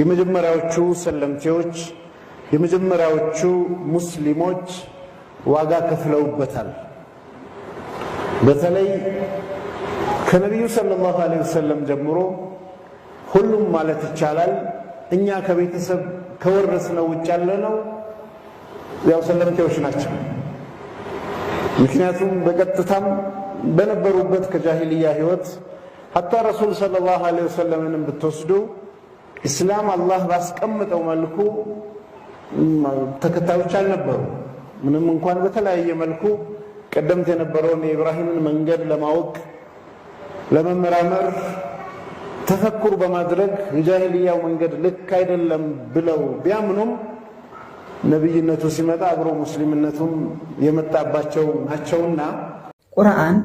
የመጀመሪያዎቹ ሰለምቴዎች የመጀመሪያዎቹ ሙስሊሞች ዋጋ ከፍለውበታል። በተለይ ከነቢዩ ሰለላሁ ዐለይሂ ወሰለም ጀምሮ ሁሉም ማለት ይቻላል እኛ ከቤተሰብ ከወረስነው ውጭ ያለነው ያው ሰለምቴዎች ናቸው። ምክንያቱም በቀጥታም በነበሩበት ከጃሂልያ ህይወት ሐታ ረሱል ሰለላሁ ዐለይሂ ወሰለምንም ብትወስዱ እስላም አላህ ባስቀምጠው መልኩ ተከታዮች አልነበሩ። ምንም እንኳን በተለያየ መልኩ ቀደምት የነበረውን የኢብራሂምን መንገድ ለማወቅ ለመመራመር ተፈኩር በማድረግ የጃሂልያው መንገድ ልክ አይደለም ብለው ቢያምኑም ነቢይነቱ ሲመጣ አብሮ ሙስሊምነቱም የመጣባቸው ናቸውና ቁርአን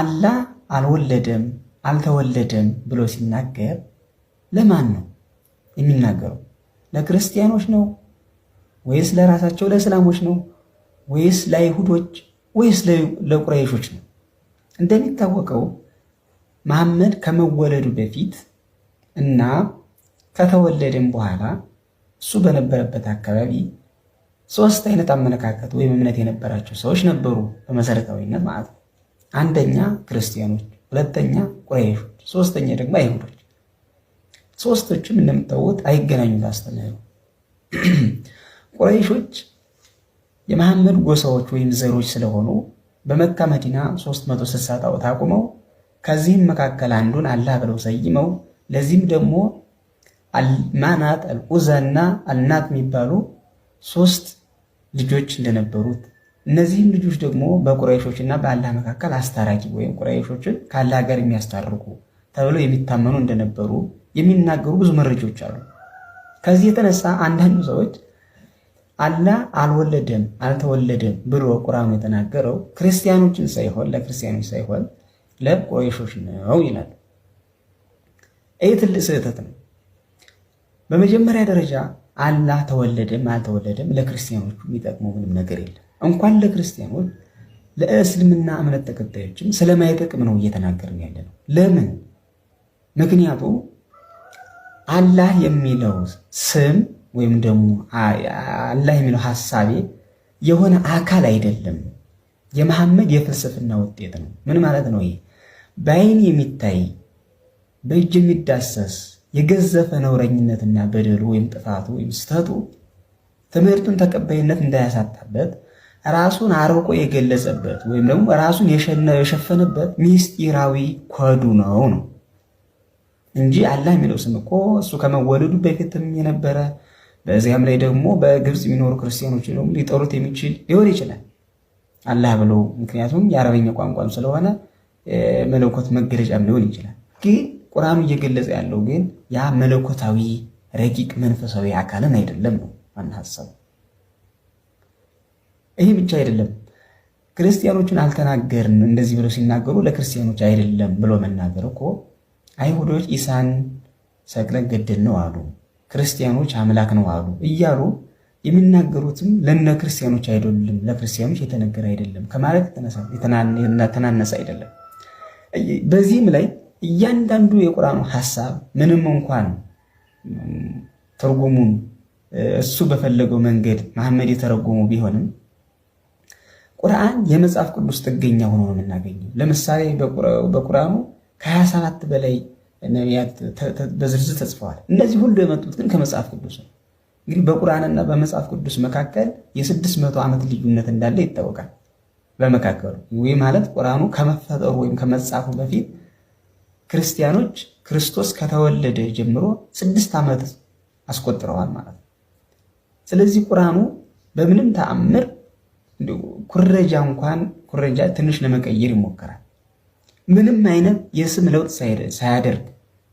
አላህ አልወለደም አልተወለደም ብሎ ሲናገር ለማን ነው የሚናገረው? ለክርስቲያኖች ነው ወይስ ለራሳቸው ለእስላሞች ነው ወይስ ለአይሁዶች ወይስ ለቁረይሾች ነው? እንደሚታወቀው መሐመድ ከመወለዱ በፊት እና ከተወለደም በኋላ እሱ በነበረበት አካባቢ ሶስት አይነት አመለካከት ወይም እምነት የነበራቸው ሰዎች ነበሩ፣ በመሰረታዊነት ማለት ነው። አንደኛ ክርስቲያኖች፣ ሁለተኛ ቁረይሾች፣ ሶስተኛ ደግሞ አይሁዶች። ሶስቶችም እንደምታወት አይገናኙ አስተምህሮ። ቁረይሾች የመሐመድ ጎሳዎች ወይም ዘሮች ስለሆኑ በመካ መዲና 360 ጣዖት አቁመው ከዚህም መካከል አንዱን አላህ ብለው ሰይመው ለዚህም ደግሞ አልማናት አልዑዛና አልናት የሚባሉ ሶስት ልጆች እንደነበሩት እነዚህም ልጆች ደግሞ በቁረይሾች እና በአላህ መካከል አስታራቂ ወይም ቁረይሾችን ከአላህ ጋር የሚያስታርቁ ተብለው የሚታመኑ እንደነበሩ የሚናገሩ ብዙ መረጃዎች አሉ። ከዚህ የተነሳ አንዳንዱ ሰዎች አላህ አልወለደም አልተወለደም ብሎ ቁርአኑ የተናገረው ክርስቲያኖችን ሳይሆን ለክርስቲያኖች ሳይሆን ለቆይሾች ነው ይላል። ይህ ትልቅ ስህተት ነው። በመጀመሪያ ደረጃ አላህ ተወለደም አልተወለደም ለክርስቲያኖቹ የሚጠቅመው ምንም ነገር የለም። እንኳን ለክርስቲያኖች ለእስልምና እምነት ተከታዮችም ስለማይጠቅም ነው እየተናገርን ያለ ነው። ለምን? ምክንያቱ አላህ የሚለው ስም ወይም ደግሞ አላህ የሚለው ሐሳቤ የሆነ አካል አይደለም። የመሐመድ የፍልስፍና ውጤት ነው። ምን ማለት ነው? ይሄ በአይን የሚታይ በእጅ የሚዳሰስ የገዘፈ ነውረኝነትና በደሉ ወይም ጥፋቱ ወይም ስተቱ ትምህርቱን ተቀባይነት እንዳያሳጣበት ራሱን አርቆ የገለጸበት ወይም ደግሞ ራሱን የሸፈነበት ሚስጢራዊ ኮዱ ነው ነው እንጂ አላህ የሚለው ስም እኮ እሱ ከመወለዱ በፊትም የነበረ በዚያም ላይ ደግሞ በግብፅ የሚኖሩ ክርስቲያኖች ደግሞ ሊጠሩት የሚችል ሊሆን ይችላል አላህ ብሎ ምክንያቱም የአረበኛ ቋንቋም ስለሆነ መለኮት መገለጫም ሊሆን ይችላል። ግን ቁርአኑ እየገለጸ ያለው ግን ያ መለኮታዊ ረቂቅ መንፈሳዊ አካልን አይደለም ነው ዋና ሀሳቡ። ብቻ አይደለም። ክርስቲያኖቹን አልተናገርን እንደዚህ ብለው ሲናገሩ ለክርስቲያኖች አይደለም ብሎ መናገር እኮ አይሁዶች ኢሳን ሰቅለን ገደል ነው አሉ፣ ክርስቲያኖች አምላክ ነው አሉ እያሉ የሚናገሩትም ለነ ክርስቲያኖች አይደሉም፣ ለክርስቲያኖች የተነገረ አይደለም ከማለት የተናነሰ አይደለም። በዚህም ላይ እያንዳንዱ የቁርአኑ ሀሳብ ምንም እንኳን ትርጉሙን እሱ በፈለገው መንገድ መሐመድ የተረጎሙ ቢሆንም ቁርአን የመጽሐፍ ቅዱስ ጥገኛ ሆኖ ነው የምናገኘው። ለምሳሌ በቁርአኑ ከሀያ ሰባት በላይ ነቢያት በዝርዝር ተጽፈዋል። እነዚህ ሁሉ የመጡት ግን ከመጽሐፍ ቅዱስ ነው። እንግዲህ በቁርአንና በመጽሐፍ ቅዱስ መካከል የስድስት መቶ ዓመት ልዩነት እንዳለ ይታወቃል። በመካከሉ ወይ ማለት ቁርአኑ ከመፈጠሩ ወይም ከመጻፉ በፊት ክርስቲያኖች ክርስቶስ ከተወለደ ጀምሮ ስድስት ዓመት አስቆጥረዋል ማለት ነው። ስለዚህ ቁርአኑ በምንም ተአምር ኩረጃ እንኳን ኩረጃ ትንሽ ለመቀየር ይሞከራል። ምንም አይነት የስም ለውጥ ሳያደርግ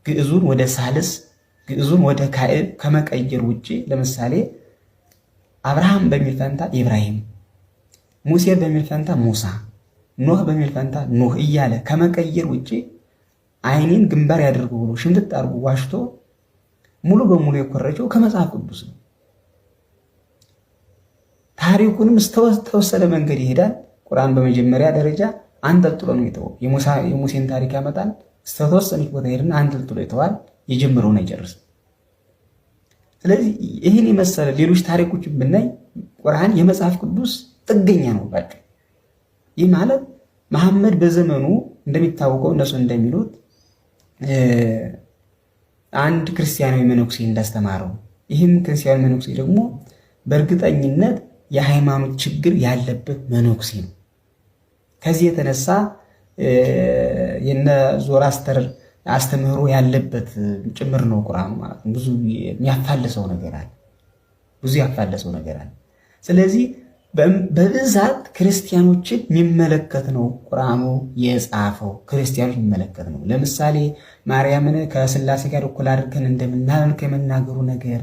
ግዕዙን ወደ ሳልስ ግዕዙን ወደ ካእብ ከመቀየር ውጭ ለምሳሌ አብርሃም በሚል ፈንታ ኢብራሂም፣ ሙሴ በሚል ፈንታ ሙሳ፣ ኖህ በሚል ፈንታ ኖህ እያለ ከመቀየር ውጭ አይኔን ግንባር ያደርጉ ብሎ ሽምጥጥ አድርጎ ዋሽቶ ሙሉ በሙሉ የኮረጀው ከመጽሐፍ ቅዱስ ነው። ታሪኩንም ተወሰለ መንገድ ይሄዳል። ቁርአን በመጀመሪያ ደረጃ አንጠልጥሎ ነው የተወው። የሙሴን ታሪክ ያመጣል። ስተተወሰነች ቦታ ሄድና አንጠልጥሎ ይተዋል። የጀመረውን አይጨርስም። ስለዚህ ይህን የመሰለ ሌሎች ታሪኮችን ብናይ ቁርአን የመጽሐፍ ቅዱስ ጥገኛ ነው ባቸው። ይህ ማለት መሐመድ በዘመኑ እንደሚታወቀው እነሱ እንደሚሉት አንድ ክርስቲያናዊ መነኩሴ እንዳስተማረው፣ ይህም ክርስቲያን መነኩሴ ደግሞ በእርግጠኝነት የሃይማኖት ችግር ያለበት መነኩሴ ነው። ከዚህ የተነሳ የነ ዞራስተር አስተምህሮ ያለበት ጭምር ነው ቁርአኑ ማለት ነው። ብዙ የሚያፋልሰው ነገር አለ፣ ብዙ ያፋለሰው ነገር አለ። ስለዚህ በብዛት ክርስቲያኖችን የሚመለከት ነው ቁርአኑ የጻፈው ክርስቲያኖች የሚመለከት ነው። ለምሳሌ ማርያምን ከስላሴ ጋር እኩል አድርገን እንደምናምን የመናገሩ ነገር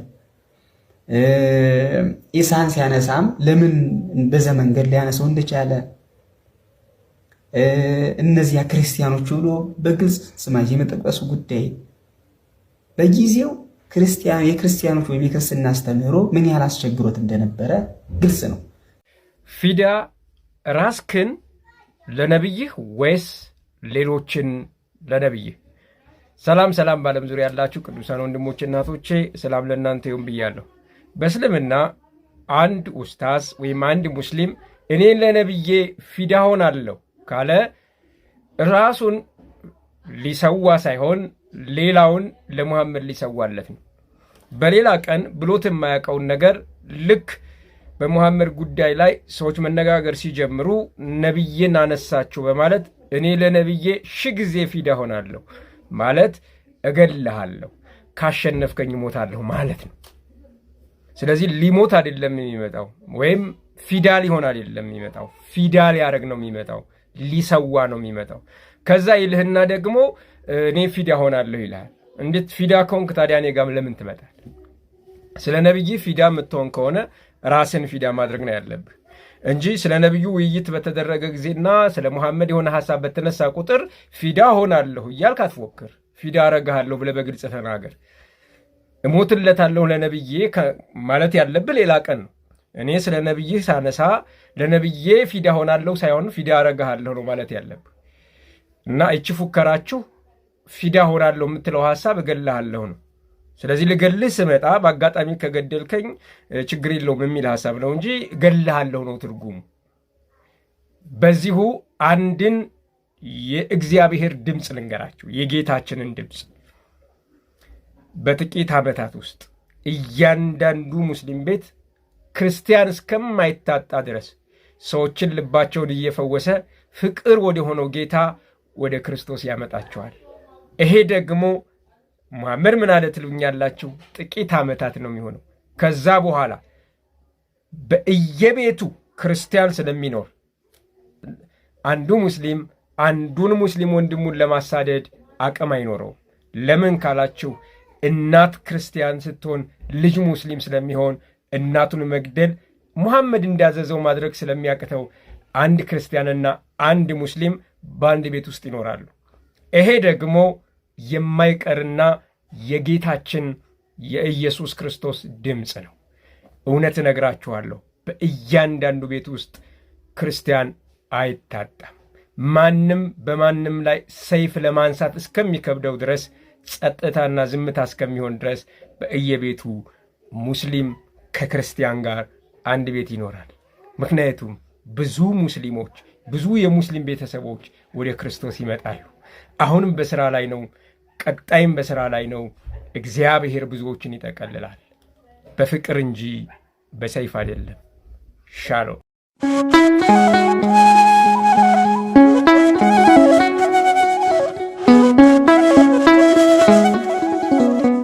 ኢሳን ሲያነሳም ለምን በዛ መንገድ ሊያነሰው እንደቻለ እነዚያ ክርስቲያኖች ብሎ በግልጽ ስማጅ የመጠቀሱ ጉዳይ በጊዜው የክርስቲያኖች ወይም የክርስትና አስተምህሮ ምን ያህል አስቸግሮት እንደነበረ ግልጽ ነው። ፊዳ ራስክን ለነብይህ ወይስ ሌሎችን ለነብይህ? ሰላም ሰላም፣ በዓለም ዙሪያ ያላችሁ ቅዱሳን ወንድሞች እናቶቼ፣ ሰላም ለእናንተ ይሁን ብያለሁ። በእስልምና አንድ ኡስታዝ ወይም አንድ ሙስሊም እኔን ለነብዬ ፊዳ ሆናለሁ ካለ ራሱን ሊሰዋ ሳይሆን ሌላውን ለሙሐመድ ሊሰዋለት ነው። በሌላ ቀን ብሎት የማያውቀውን ነገር ልክ በሙሐመድ ጉዳይ ላይ ሰዎች መነጋገር ሲጀምሩ ነቢይን አነሳችሁ በማለት እኔ ለነቢዬ ሺ ጊዜ ፊዳ ሆናለሁ ማለት እገልሃለሁ፣ ካሸነፍከኝ ሞታለሁ ማለት ነው። ስለዚህ ሊሞት አይደለም የሚመጣው፣ ወይም ፊዳ ሊሆን አይደለም የሚመጣው፣ ፊዳ ሊያደርግ ነው የሚመጣው። ሊሰዋ ነው የሚመጣው። ከዛ ይልህና ደግሞ እኔ ፊዳ ሆናለሁ ይልሃል። እንዴት ፊዳ ከሆንክ ታዲያ እኔ ጋም ለምን ትመጣል? ስለ ነቢይ ፊዳ የምትሆን ከሆነ ራስን ፊዳ ማድረግ ነው ያለብህ እንጂ ስለ ነቢዩ ውይይት በተደረገ ጊዜና ስለ ሙሐመድ የሆነ ሀሳብ በተነሳ ቁጥር ፊዳ ሆናለሁ እያልክ አትፎክር። ፊዳ አረግሃለሁ ብለህ በግልጽ ተናገር። እሞትለታለሁ ለነብዬ ማለት ያለብህ ሌላ ቀን ነው። እኔ ስለ ነብይህ ሳነሳ ለነብዬ ፊዳ ሆናለሁ ሳይሆን ፊዳ አረግሃለሁ ነው ማለት ያለብህ እና እቺ ፉከራችሁ ፊዳ ሆናለሁ የምትለው ሀሳብ እገልሃለሁ ነው። ስለዚህ ልገልህ ስመጣ በአጋጣሚ ከገደልከኝ ችግር የለውም የሚል ሀሳብ ነው እንጂ እገልሃለሁ ነው ትርጉሙ። በዚሁ አንድን የእግዚአብሔር ድምፅ ልንገራችሁ፣ የጌታችንን ድምፅ በጥቂት ዓመታት ውስጥ እያንዳንዱ ሙስሊም ቤት ክርስቲያን እስከማይታጣ ድረስ ሰዎችን ልባቸውን እየፈወሰ ፍቅር ወደ ሆነው ጌታ ወደ ክርስቶስ ያመጣቸዋል። ይሄ ደግሞ መሐመድ ምን አለ ትሉኛላችሁ? ጥቂት ዓመታት ነው የሚሆነው። ከዛ በኋላ በእየቤቱ ክርስቲያን ስለሚኖር አንዱ ሙስሊም አንዱን ሙስሊም ወንድሙን ለማሳደድ አቅም አይኖረውም። ለምን ካላችሁ እናት ክርስቲያን ስትሆን ልጅ ሙስሊም ስለሚሆን እናቱን መግደል ሙሐመድ እንዳዘዘው ማድረግ ስለሚያቅተው አንድ ክርስቲያንና አንድ ሙስሊም በአንድ ቤት ውስጥ ይኖራሉ። ይሄ ደግሞ የማይቀርና የጌታችን የኢየሱስ ክርስቶስ ድምፅ ነው። እውነት እነግራችኋለሁ፣ በእያንዳንዱ ቤት ውስጥ ክርስቲያን አይታጣም። ማንም በማንም ላይ ሰይፍ ለማንሳት እስከሚከብደው ድረስ ጸጥታና ዝምታ እስከሚሆን ድረስ በእየቤቱ ሙስሊም ከክርስቲያን ጋር አንድ ቤት ይኖራል። ምክንያቱም ብዙ ሙስሊሞች ብዙ የሙስሊም ቤተሰቦች ወደ ክርስቶስ ይመጣሉ። አሁንም በስራ ላይ ነው፣ ቀጣይም በስራ ላይ ነው። እግዚአብሔር ብዙዎችን ይጠቀልላል። በፍቅር እንጂ በሰይፍ አይደለም። ሻሎም